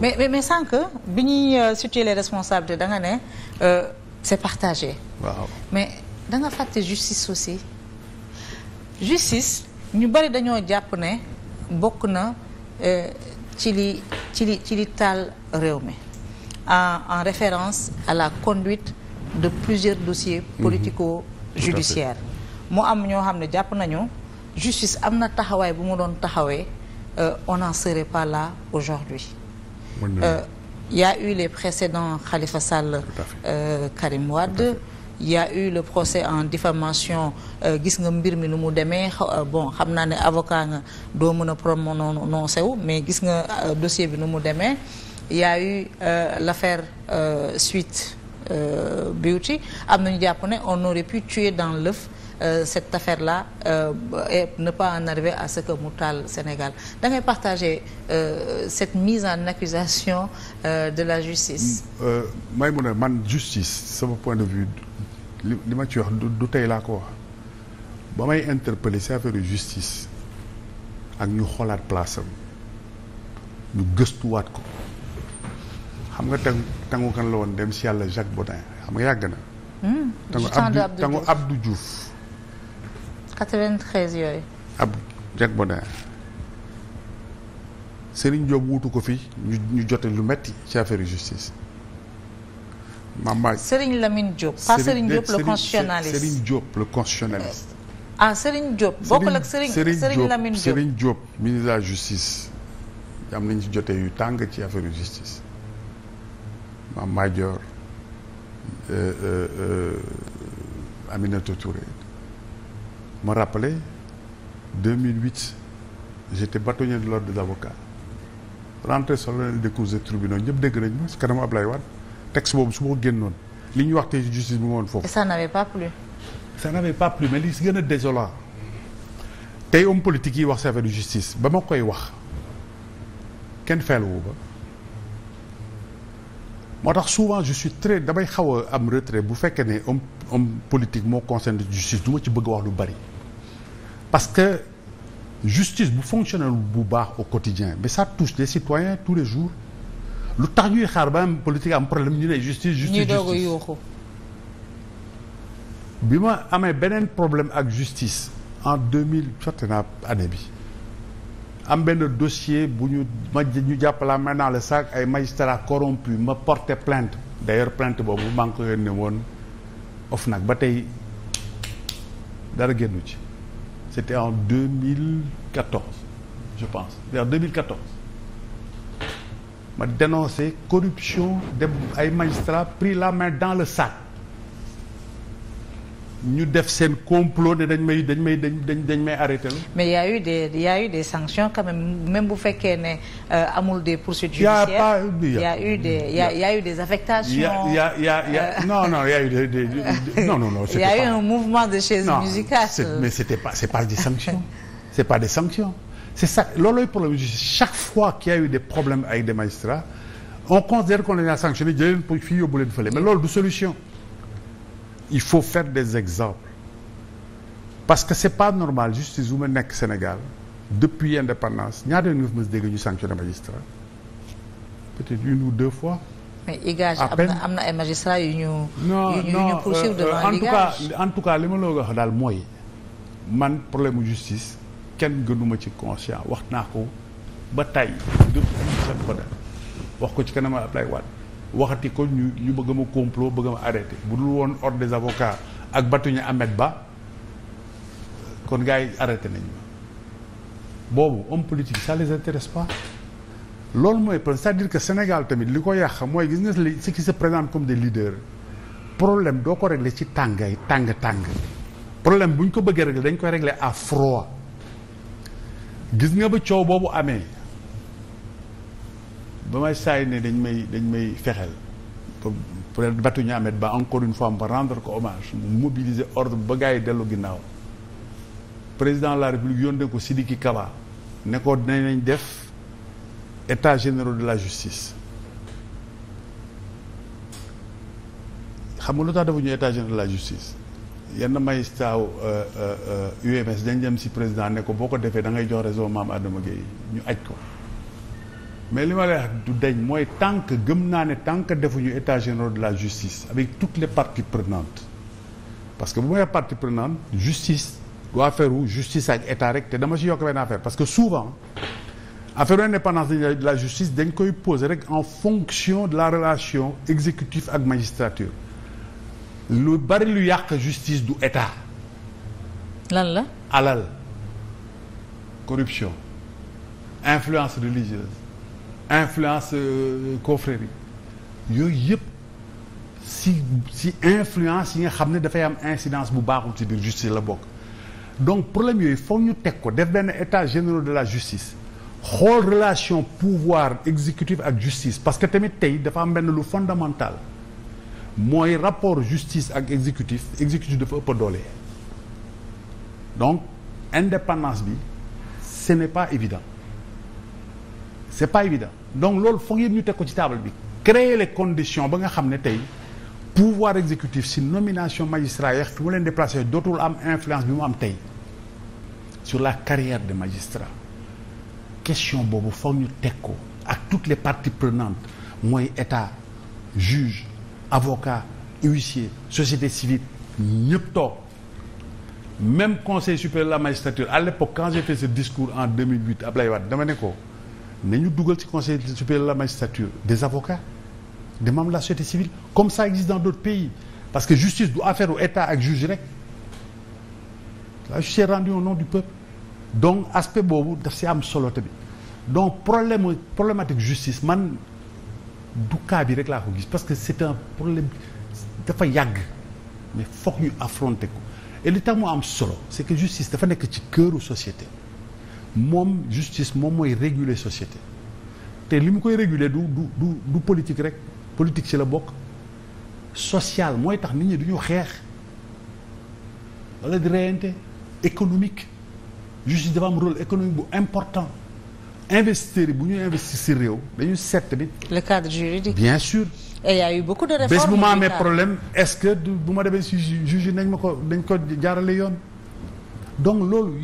mais mais mais sànq bi ñuy euh, situer les responsabilités da nga ne euh, c'est partagé. waaw mais da nga fàtte justice aussi justice ñu bari dañoo jàpp ne bokk na euh, ci li ci li ci li taal réew mi en en référence à la conduite de plusieurs dossiers mhm. politico-judiciaires. mu am ñoo xam ne jàpp nañu justice am na taxawaay bu mu doon taxawee on n'en serait pas là aujourd'hui il euh, y a eu les précédents Khalifa Sall euh, Karim Wade il y a eu le procès en diffamation euh, gis nga mbir mi nu mu demee bon xam naa ne avocat nga doo mën a prononcé wu mais gis nga dossier bi nu mu demee il y a eu euh, l'affaire euh, Beauty am nañu jàpp ne on aurait pu tuer dans l'œuf Euh, cette affaire là et euh, ne pas en arriver à ce que mu taal Sénégal da ngay partager euh, cette mise en accusation de la justice. Mm, may mun a man justice sama point de vue li li ma ci wax du tey laa ko wax ba may interpeller ci affaire justice ak ñu xoolaat place am ñu gëstuwaat ko. xam nga tangu tangu kan la woon dem si yàlla Jacques Baudin xam nga yàgg na. Hmm, tangu Abdou tangu 93 yooyu. ab Jack Bodin Serigne Diop wuutu ko fi ñu ñu jote lu metti ci affaire justice. Mamba Serigne Lamine Diop. pas Serigne Diop le constitutionnaliste Serigne Diop le constitutionnaliste. ah Serigne la justice am nañ ci jote yu tàng ci affaire justice Mamba Dior euh, euh, euh, Aminata Touré. ma rappelé 2008 j'étais bâtonnier de l'ordre des avocats rentrée solennelle des cours des tribunaux ñëpp dégg nañ ma si kanam Ablaye Wade texte boobu su ma ko génnoon li ñuy wax tey justice bi ma woon foofu. ça n'avait pas plu. ça n'avait pas plu mais li si gën a désolant tey homme politique yi wax si affaire justice ba ma koy wax kenn feeluwu ba moo tax souvent je suis très damay xaw a am retrait bu fekkee ne homme homme politique moo concerne justice du ma ci bëgg wax lu bari. parce que justice bu fonctionnel bu baax au quotidien mais ça touche les citoyens tous les jours lu tax ñuy xaar ba am politique am problème ñu ne justice justice bi ma amee beneen problème ak justice en deux mille fàtte naa année bi am benn dossier bu ñu ma ñu jàppalaa main dans le sac ay magistrats corrompus ma porté plainte d'ailleurs plainte boobu maa ngi ko yónnee woon of nag ba tey dara génnu ci c'était en 2014 je pense vers 2014 ma dénoncé corruption de ay magistrats pris la main dans le sac ñu def seen complot ne dañ may dañ may dañ dañ dañ may arrêté la. mais y' a eu des y' a eu des sanctions quand même même bu fekkee ne amul des poursuites judiciaires. y' a a eu des y' a y' affectations. y' non non y' a eu des des non non non. y' a eu un mouvement de chaises musicales. non mais c' était pas c' est pas des sanctions c' est pas des sanctions c' ça loolooy problème chaque fois qu' il y a eu des problèmes avec des magistrats on considère qu'on les a sanctionnés jëlee leen fii yóbbu leen fële mais loolu du solution. il faut faire des exemples parce que c'est pas normal justice bu ma nekk Sénégal depuis indépendance ñaata yoon nga fi mës dégg ñu sanctionné magistrat peut-être une ou deux fois. mais IGAJ am na ay magistrats yu ñu. yu ñu poursuivre euh, devant euh, en tout cas li ma la wax daal mooy man problème justice kenn gënuma ci conscient wax naa ko ba tey wax ko ci kanam Ablaye Wade. waxati ko ñu ñu bëgg ma complot bëgg ma arrêté bu dul woon ordre des avocats ak batuñu Ahmed Ba kon gars yi arrêté nañ boobu homme politique ça les intéresse pas loolu mooy c'est-à-dire que Sénégal tamit li ko yàq mooy gis nga ce qui sa présente comme des leaders problème doo ko régler ci tàngay tàng tàng problème bu ñu ko bëggee régler dañ koy régler à froid gis nga ba coow boobu amee ba may saay ne dañ may dañ may fexeel pour battu ñaamet ba encore une fois ba rendre ko hommage mu mobiliser ordre ba gars yi dellu ginnaaw président de la république yónnee ko Sidiki Kaba ne ko dinañ def état général de la justice xam nga lu tax defuñu état général de la justice yenn magistrat UMS euh, euh, euh, dañ dem si président ne ko boo ko defee da ngay jox raison Mame Adama Gueye ñu aj ko mais li ma lay wax du dañ mooy tant gëm naa ne tant que defuñu état général de la justice avec toutes les parties prenantes parce que bu may partie prenante justice waa affaire wu justice ak état rek te dama ci yokk benn affaire parce que souvent affaire indépendance de la justice dañ koy poser rek en fonction de la relation exécutif ak magistrature lu bari lu yàq justice du état. lan la. alal corruption influence religieuse. influence euh, confrérie yooyu yëpp si si influence yi nga xam ne dafay am incidence bu baaxul ci biir justice la bokk donc problème yooyu foog ñu teg ko def benn état général de la justice xool relation pouvoir exécutif ak justice parce que tamit tey dafa am benn lu fondamental mooy rapport justice ak exécutif exécutif dafa ëpp doole donc indépendance bi ce n'est pas évident c'est pas évident donc loolu foog yéen ñu teg ko ci table bi créer les conditions ba nga xam ne tey pouvoir exécutif si nomination magistrat yeex fi mu leen déplacé dootul am influence bi mu am tey sur la carrière de magistrats question boobu foog ñu teg ko ak toutes les parties prenantes mooy état juge avocat huissier société civile ñëpp toog même conseil supérieur de la magistrature à l'époque quand j'ai fait ce discours en 2008 Ablaye Wade dama ne ko ñu dugal ci conseil supérieur de la magistrature des avocats des membres de la société civile comme ça existe dans d'autres pays parce que justice du affaire u état ak juge rek la justice est rendue nom du peuple donc aspect boobu daf si am solo tamit donc problème problématique justice man du cas bi rek laa ko gis parce que c'est un problème dafa yàgg mais foog ñu affronter ko et li tax am solo c'est que justice dafa nekk ci këru société moom justice moom mooy réguler société te li mu koy réguler du du du politique rek politique ci la bokk sociale mooy tax nit ñi duñu xeex wala di reyante économique justice dafa am rôle économique bu important investisseurs yi bu ñu investir si réew dañu seet tamit. le cadre juridique bien sûr. et y a eu beaucoup de bu ma amee problème est-ce que bu ma demee ci juge nañ ma ko dañ ko jaarale yoon donc loolu.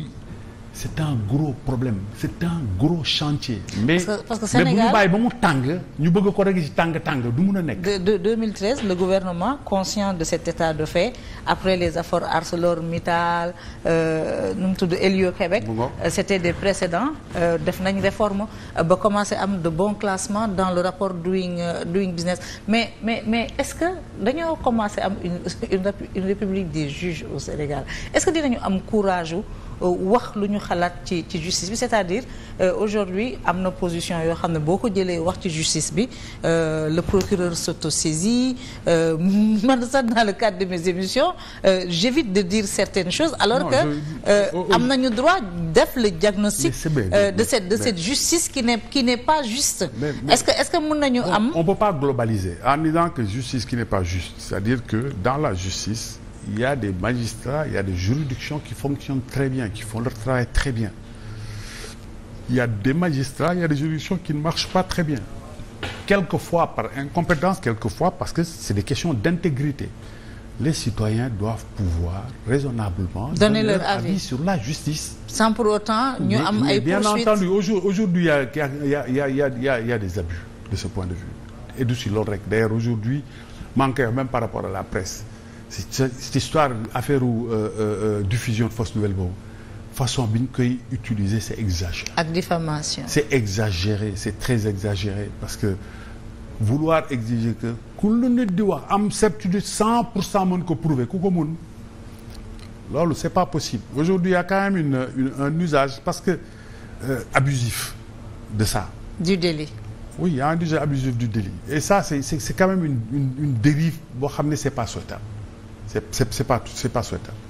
c'est un gros problème c'est un gros chantier. mais parce que, parce Sénégal mais bu mu tàng ñu bëgg ko rek ci tàng tàng du mun a nekk. de de 2013 le gouvernement conscient de cet état de fait après les affaires ArcelorMittal euh, nu mu tudd Hélio-Québec. Euh, c'était des précédents euh, def nañ réforme ba commencé am de bons classements dans le rapport doing doing business mais mais mais est-ce que dañoo commencé am une une république des juges au Sénégal est-ce que dinañu am courage Euh, wax lu ñu xalaat ci ci justice bi c'est-à-dire euh, aujourd'hui am na positions yoo xam ne boo ko jëlee wax ci justice bi euh, le procureur s'autosaisit man sax dans le cadre de mes émissions j'évite de dire certaines choses alors que oh, oh. am nañu droit def le diagnostic de cette de cette justice qui n'est qui n'est pas juste est-ce que est-ce que mën nañu am on peut pas globaliser en disant que justice qui n'est pas juste c'est-à-dire que dans la justice il y des magistrats, il y a des juridictions qui fonctionnent très bien, qui font leur travail très bien. Il y des magistrats, il y a des juridictions qui ne marchent pas très bien. Quelquefois par incompétence, quelquefois parce que c'est des questions d'intégrité. Les citoyens doivent pouvoir raisonnablement donner, sur la justice. Sans pour autant, nous avons Bien poursuite. entendu, aujourd'hui, il y a des abus de ce point de vue. Et du si d'ailleurs, aujourd'hui, manqueur même par rapport la presse. cette histoire affaire euh, euh, euh, diffusion de fausse nouvelle boobu façon bi koy utiliser c'est exagéré. ak diffamation. c'est exagéré c'est très exagéré parce que vouloir exiger que ku lu di wax am certitude cent pour ko prouver ku ko mun loolu c'est pas possible aujourd'hui il a un usage parce que euh, abusif de ça. du délit. oui il a un usage abusif du délit et ça c'est quand même une dérive boo xam ne c'est pas souhaitable. c'est c'est pas c'est pas souhaitable